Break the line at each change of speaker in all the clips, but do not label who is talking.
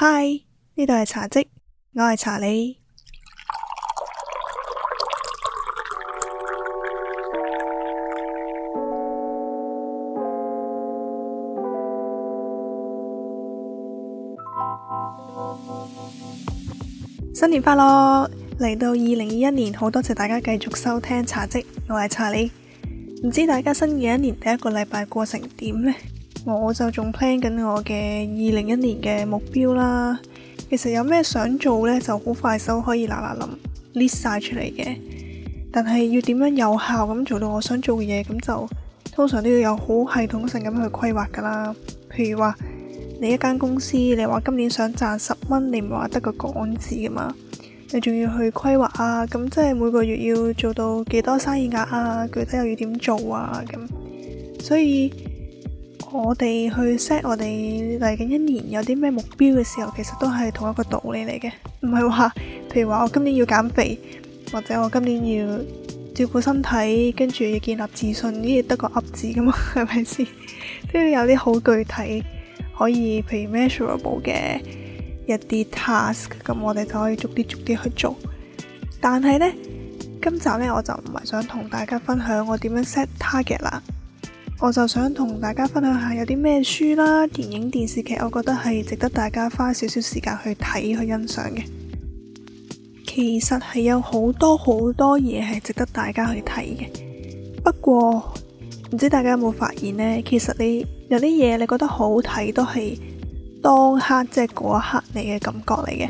嗨，呢度係茶迹，我係查理。新年快樂！嚟到二零二一年，好多謝大家繼續收聽茶迹，我係查理。唔知大家新嘅一年第一個禮拜過成點呢？我就仲 plan 緊我嘅二零一年嘅目標啦，其實有咩想做呢？就好快手可以嗱嗱臨 list 晒出嚟嘅。但係要點樣有效咁做到我想做嘅嘢，咁就通常都要有好系統性咁去規劃噶啦。譬如話你一間公司，你話今年想賺十蚊，你唔係話得個講字噶嘛，你仲要去規劃啊。咁即係每個月要做到幾多生意額啊，具體又要點做啊咁，所以。我哋去 set 我哋嚟緊一年有啲咩目標嘅時候，其實都係同一個道理嚟嘅，唔係話，譬如話我今年要減肥，或者我今年要照顧身體，跟住要建立自信，呢啲得個噏字噶嘛，係咪先？都 要有啲好具體，可以譬如 measurable 嘅一啲 task，咁我哋就可以逐啲逐啲去做。但係呢，今集呢，我就唔係想同大家分享我點樣 set target 啦。我就想同大家分享下有啲咩書啦、電影、電視劇，我覺得係值得大家花少少時間去睇去欣賞嘅。其實係有好多好多嘢係值得大家去睇嘅。不過唔知大家有冇發現呢？其實你有啲嘢你覺得好睇，都係當刻即係嗰一刻你嘅感覺嚟嘅，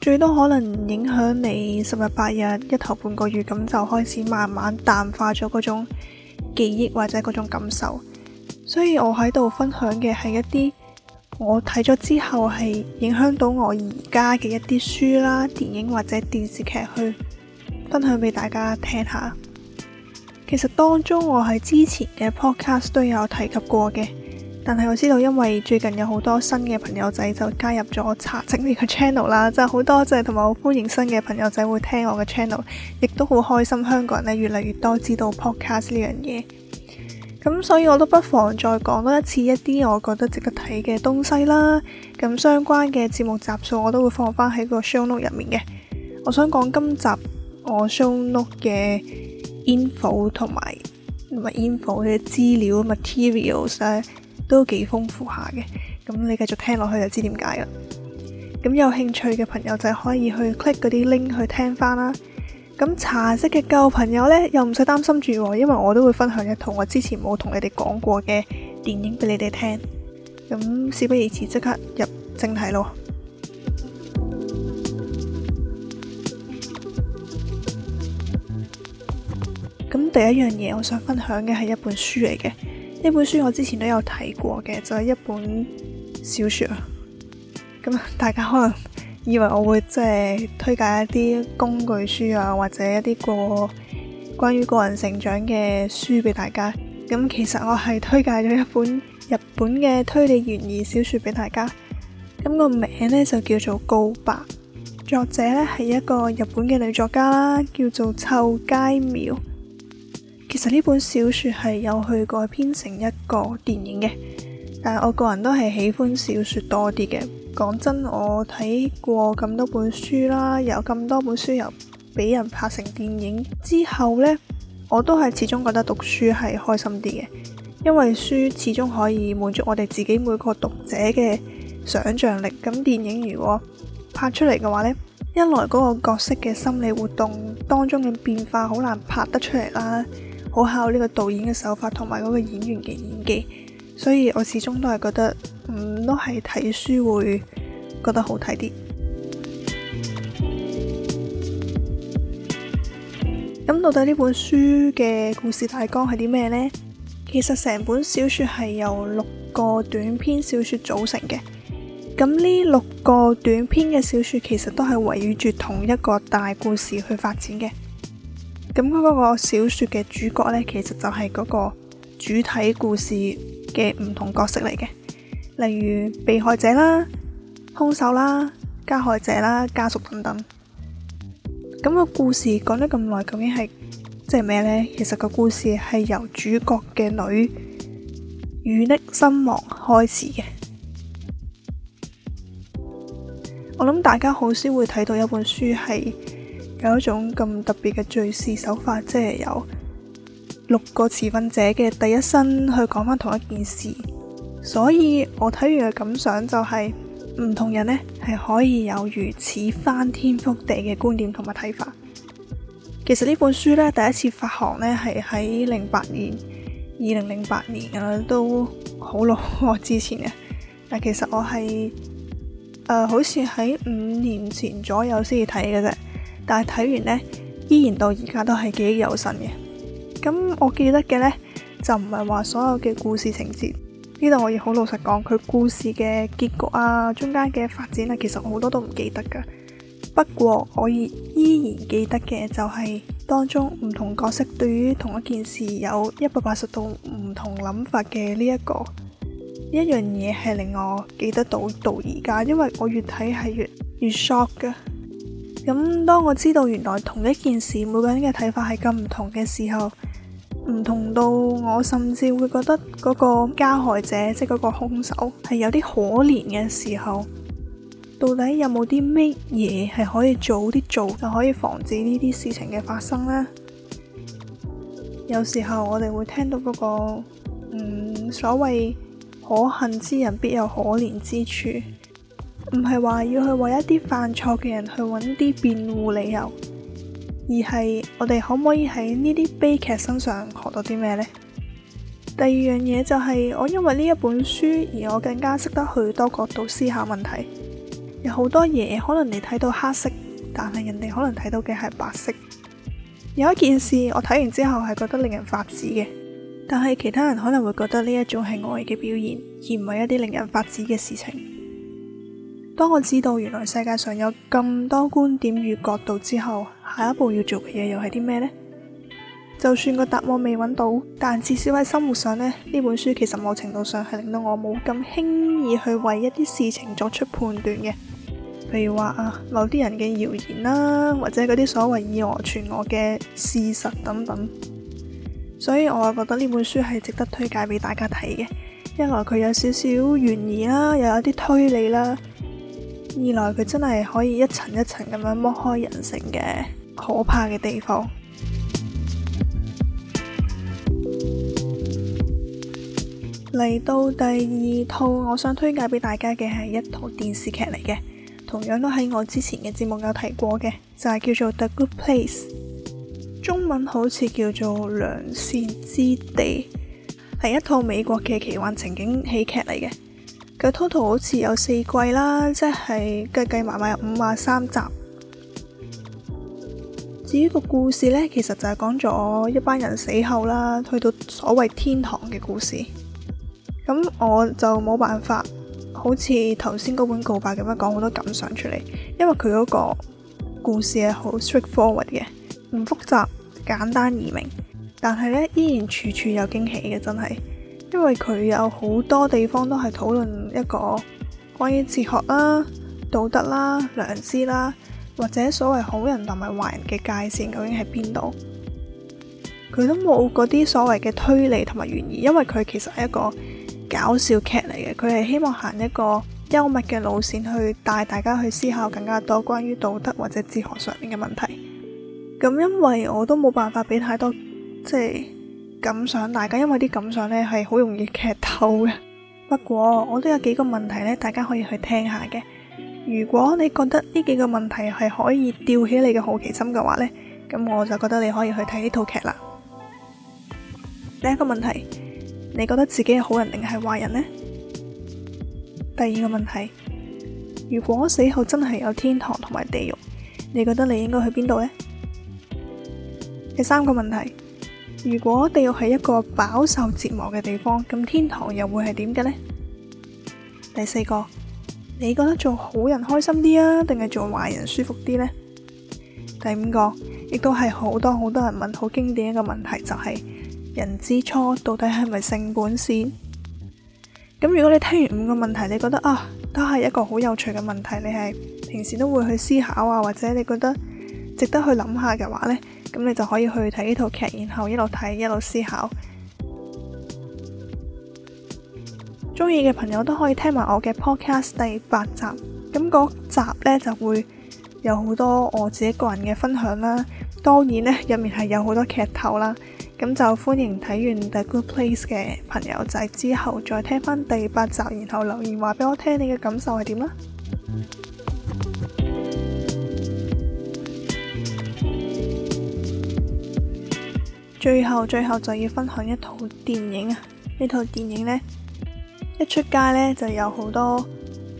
最多可能影響你十日八日一頭半個月咁，就開始慢慢淡化咗嗰種。記憶或者嗰種感受，所以我喺度分享嘅係一啲我睇咗之後係影響到我而家嘅一啲書啦、電影或者電視劇去分享俾大家聽下。其實當中我喺之前嘅 Podcast 都有提及過嘅。但係我知道，因為最近有好多新嘅朋友仔就加入咗查整呢個 channel 啦，真係好多謝同埋好歡迎新嘅朋友仔會聽我嘅 channel，亦都好開心。香港人咧，越嚟越多知道 podcast 呢樣嘢，咁所以我都不妨再講多一次一啲我覺得值得睇嘅東西啦。咁相關嘅節目集數我都會放翻喺個 show note 入面嘅。我想講今集我 show note 嘅 info 同埋同埋 info 嘅資料 materials 咧，都幾豐富下嘅，咁你繼續聽落去就知點解啦。咁有興趣嘅朋友就可以去 click 嗰啲 link 去聽翻啦。咁茶色嘅舊朋友呢，又唔使擔心住，因為我都會分享一套我之前冇同你哋講過嘅電影俾你哋聽。咁事不宜遲，即刻入正題咯。咁第一樣嘢，我想分享嘅係一本書嚟嘅。呢本書我之前都有睇過嘅，就係一本小說。咁大家可能以為我會即係推介一啲工具書啊，或者一啲個關於個人成長嘅書俾大家。咁其實我係推介咗一本日本嘅推理懸疑小說俾大家。咁個名呢，就叫做《告白》，作者咧係一個日本嘅女作家啦，叫做湊佳苗。其實呢本小說係有去過編成一個電影嘅，但係我個人都係喜歡小說多啲嘅。講真，我睇過咁多本書啦，有咁多本書又俾人拍成電影之後呢，我都係始終覺得讀書係開心啲嘅，因為書始終可以滿足我哋自己每個讀者嘅想象力。咁電影如果拍出嚟嘅話呢，一來嗰個角色嘅心理活動當中嘅變化好難拍得出嚟啦。好靠呢個導演嘅手法同埋嗰個演員嘅演技，所以我始終都係覺得，嗯，都係睇書會覺得好睇啲。咁 到底呢本書嘅故事大綱係啲咩呢？其實成本小說係由六個短篇小說組成嘅。咁呢六個短篇嘅小說其實都係圍繞住同一個大故事去發展嘅。咁佢嗰個小說嘅主角呢，其實就係嗰個主體故事嘅唔同角色嚟嘅，例如被害者啦、兇手啦、加害者啦、家屬等等。咁個故事講咗咁耐，究竟係即係咩呢？其實個故事係由主角嘅女遇溺身亡開始嘅。我諗大家好少會睇到一本書係。有一種咁特別嘅敘事手法，即係有六個持份者嘅第一身去講翻同一件事，所以我睇完嘅感想就係唔同人呢，係可以有如此翻天覆地嘅觀點同埋睇法。其實呢本書呢，第一次發行呢係喺零八年二零零八年嘅啦，都好耐之前嘅。但其實我係，呃，好似喺五年前左右先至睇嘅啫。但係睇完呢，依然到而家都係記憶猶新嘅。咁我記得嘅呢，就唔係話所有嘅故事情節。呢度我要好老實講，佢故事嘅結局啊，中間嘅發展啊，其實好多都唔記得噶。不過我亦依然記得嘅就係當中唔同角色對於同一件事有一百八十度唔同諗法嘅呢一個一樣嘢，係令我記得到到而家，因為我越睇係越越 shock 噶。咁當我知道原來同一件事，每個人嘅睇法係咁唔同嘅時候，唔同到我甚至會覺得嗰個加害者，即係嗰個兇手，係有啲可憐嘅時候。到底有冇啲咩嘢係可以早啲做，就可以防止呢啲事情嘅發生呢？有時候我哋會聽到嗰個，嗯，所謂可恨之人必有可憐之處。唔係話要去為一啲犯錯嘅人去揾啲辯護理由，而係我哋可唔可以喺呢啲悲劇身上學到啲咩呢？第二樣嘢就係我因為呢一本書而我更加識得去多角度思考問題。有好多嘢可能你睇到黑色，但係人哋可能睇到嘅係白色。有一件事我睇完之後係覺得令人髮指嘅，但係其他人可能會覺得呢一種係愛嘅表現，而唔係一啲令人髮指嘅事情。當我知道原來世界上有咁多觀點與角度之後，下一步要做嘅嘢又係啲咩呢？就算個答案未揾到，但至少喺生活上呢，呢本書其實某程度上係令到我冇咁輕易去為一啲事情作出判斷嘅。譬如話啊，某啲人嘅謠言啦，或者嗰啲所謂以訛傳訛嘅事實等等，所以我覺得呢本書係值得推介俾大家睇嘅。因為佢有少少懸疑啦，又有啲推理啦。二來佢真係可以一層一層咁樣剝開人性嘅可怕嘅地方。嚟到第二套，我想推介俾大家嘅係一套電視劇嚟嘅，同樣都喺我之前嘅節目有提過嘅，就係叫做《The Good Place》，中文好似叫做《良善之地》，係一套美國嘅奇幻情景喜劇嚟嘅。嘅 total 好似有四季啦，即係計計埋埋有五十三集。至於個故事呢，其實就係講咗一班人死後啦，去到所謂天堂嘅故事。咁我就冇辦法，好似頭先嗰本告白咁樣講好多感想出嚟，因為佢嗰個故事係好 straightforward 嘅，唔複雜，簡單易明，但係呢，依然處處有驚喜嘅，真係。因為佢有好多地方都係討論一個關於哲學啦、道德啦、良知啦，或者所謂好人同埋壞人嘅界線究竟喺邊度，佢都冇嗰啲所謂嘅推理同埋懸疑，因為佢其實係一個搞笑劇嚟嘅。佢係希望行一個幽默嘅路線去帶大家去思考更加多關於道德或者哲學上面嘅問題。咁因為我都冇辦法俾太多，即係。感想，大家因為啲感想呢，係好容易劇透嘅。 不過我都有幾個問題呢，大家可以去聽下嘅。如果你覺得呢幾個問題係可以吊起你嘅好奇心嘅話呢，咁我就覺得你可以去睇呢套劇啦。第一個問題，你覺得自己係好人定係壞人呢？第二個問題，如果死後真係有天堂同埋地獄，你覺得你應該去邊度呢？第三個問題。如果地獄係一個飽受折磨嘅地方，咁天堂又會係點嘅呢？第四個，你覺得做好人開心啲啊，定係做壞人舒服啲呢？第五個，亦都係好多好多人問好經典一個問題，就係人之初到底係咪性本善？咁如果你聽完五個問題，你覺得啊都係一個好有趣嘅問題，你係平時都會去思考啊，或者你覺得值得去諗下嘅話呢。咁你就可以去睇呢套劇，然後一路睇一路思考。中意嘅朋友都可以聽埋我嘅 podcast 第八集，咁嗰集呢，就會有好多我自己個人嘅分享啦。當然呢，入面係有好多劇透啦，咁就歡迎睇完《The Good Place》嘅朋友仔之後再聽返第八集，然後留言話俾我聽你嘅感受係點啦。最後最後就要分享一套電影啊！呢套電影呢，一出街呢就有好多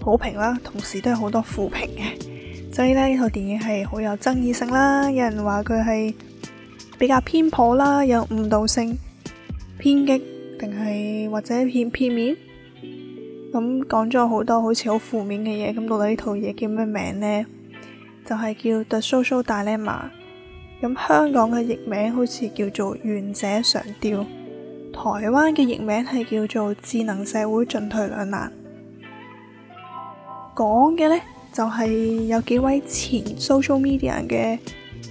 好評啦，同時都有好多負評嘅， 所以呢呢套電影係好有爭議性啦。有人話佢係比較偏頗啦，有誤導性、偏激，定係或者偏片面。咁講咗好多好似好負面嘅嘢，咁到底呢套嘢叫咩名呢？就係、是、叫 The《The Social Dilemma》。咁香港嘅譯名好似叫做願者上釣，台灣嘅譯名係叫做智能社會進退兩難。講嘅呢就係、是、有幾位前 social media 嘅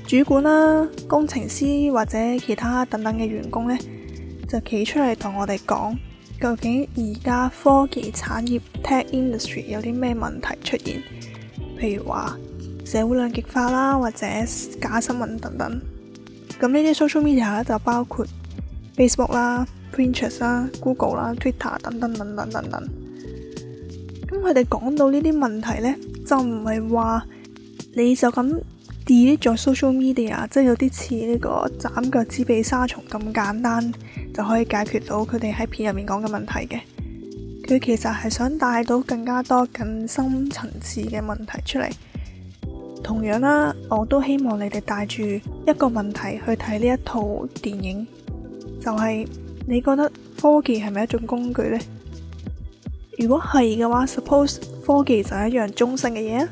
主管啦、啊、工程師或者其他等等嘅員工呢，就企出嚟同我哋講，究竟而家科技產業 tech industry 有啲咩問題出現？譬如話，社會兩極化啦，或者假新聞等等，咁呢啲 social media 咧就包括 Facebook 啦、Pinterest 啦、Google 啦、啊、Twitter 等等等等等等。咁佢哋講到呢啲問題呢，就唔係話你就咁 delete 咗 social media，即係有啲似呢個斬腳趾避沙蟲咁簡單就可以解決到佢哋喺片入面講嘅問題嘅。佢其實係想帶到更加多更深層次嘅問題出嚟。同樣啦，我都希望你哋帶住一個問題去睇呢一套電影，就係、是、你覺得科技係咪一種工具呢？如果係嘅話，suppose 科技就係一樣中性嘅嘢啊。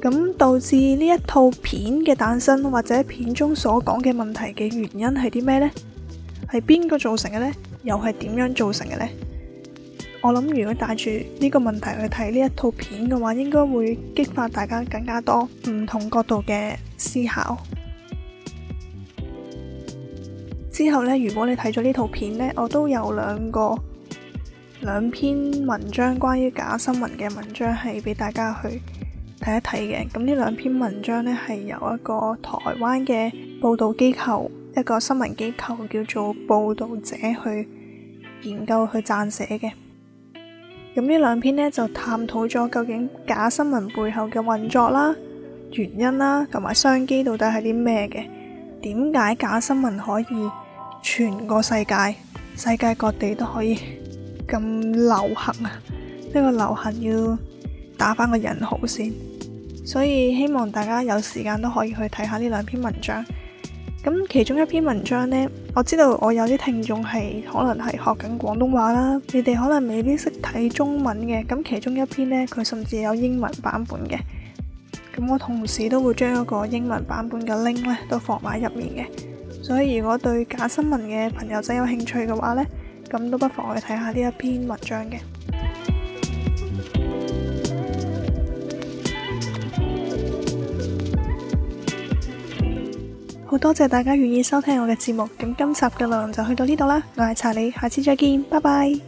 咁導致呢一套片嘅誕生或者片中所講嘅問題嘅原因係啲咩呢？係邊個造成嘅呢？又係點樣造成嘅呢？我諗，如果帶住呢個問題去睇呢一套片嘅話，應該會激發大家更加多唔同角度嘅思考。之後呢，如果你睇咗呢套片呢，我都有兩個兩篇文章，關於假新聞嘅文章係俾大家去睇一睇嘅。咁呢兩篇文章呢，係由一個台灣嘅報道機構，一個新聞機構叫做報道者去研究，去撰寫嘅。咁呢兩篇咧就探討咗究竟假新聞背後嘅運作啦、原因啦，同埋商機到底係啲咩嘅？點解假新聞可以全個世界、世界各地都可以咁流行啊？呢、這個流行要打翻個人好先，所以希望大家有時間都可以去睇下呢兩篇文章。咁其中一篇文章呢，我知道我有啲聽眾係可能係學緊廣東話啦，你哋可能未必識睇中文嘅。咁其中一篇呢，佢甚至有英文版本嘅。咁我同時都會將一個英文版本嘅 link 咧，都放埋入面嘅。所以如果對假新聞嘅朋友仔有興趣嘅話呢，咁都不妨去睇下呢一篇文章嘅。好多謝大家願意收聽我嘅節目，噉今集嘅內容就去到呢度啦，我係查理，下次再見，拜拜。